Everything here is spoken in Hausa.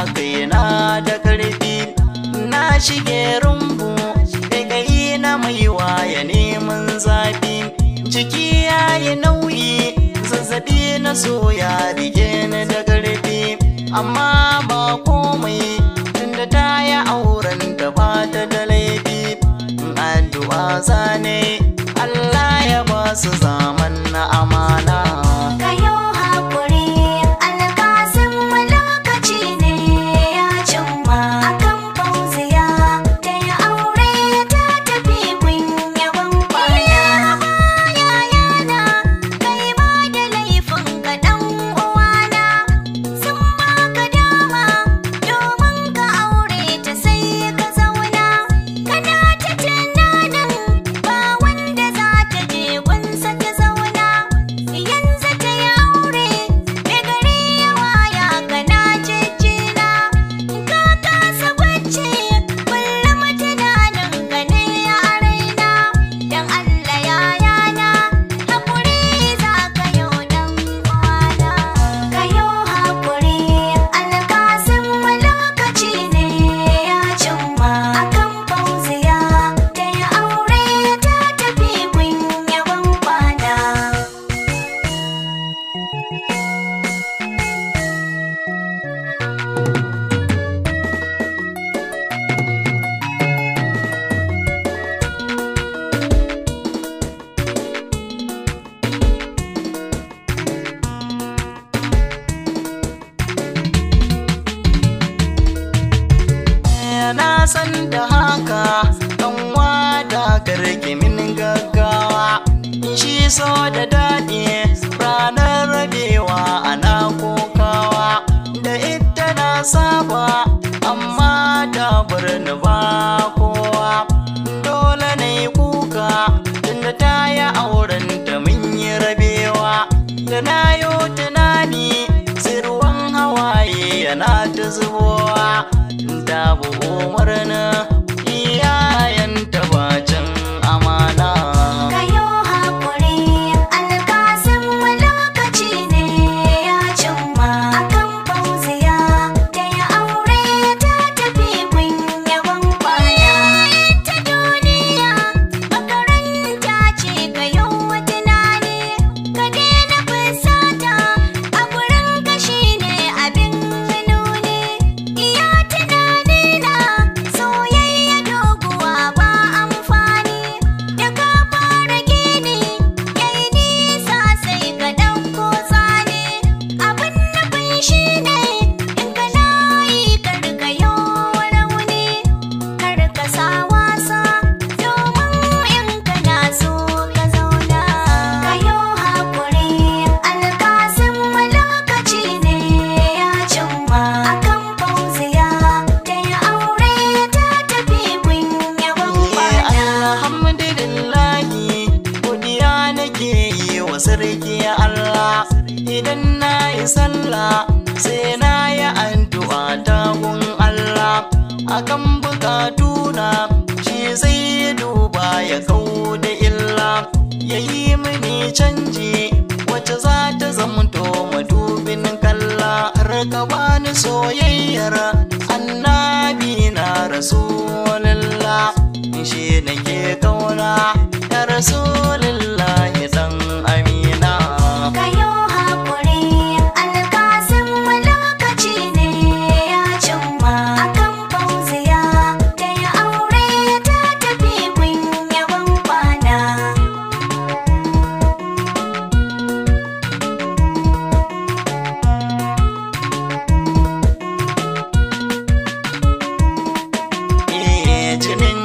a kaina da karfi na shige rumbu kai na mai waya neman zafi jiki yayi nauyi zazzabi na soya ya rige da karfi amma ba komai tunda ta yi auren da ba ta da laifi addu'a zane Allah ya ba su zaman na amma ta birni ba kowa dole na yi kuka tunda ta yi auren ta mun yi rabewa da na yi tunani sirwan hawaye yana ta zubowa ta bu umarnin sallah sai na yi addu'a ta gun Allah akan na, shi zai duba ya kau da illa ya yi mini canji wacce za ta zamto madubin kalla raka ni soyayyar annabi na rasulullah shi nake kauna ya rasulullah tienen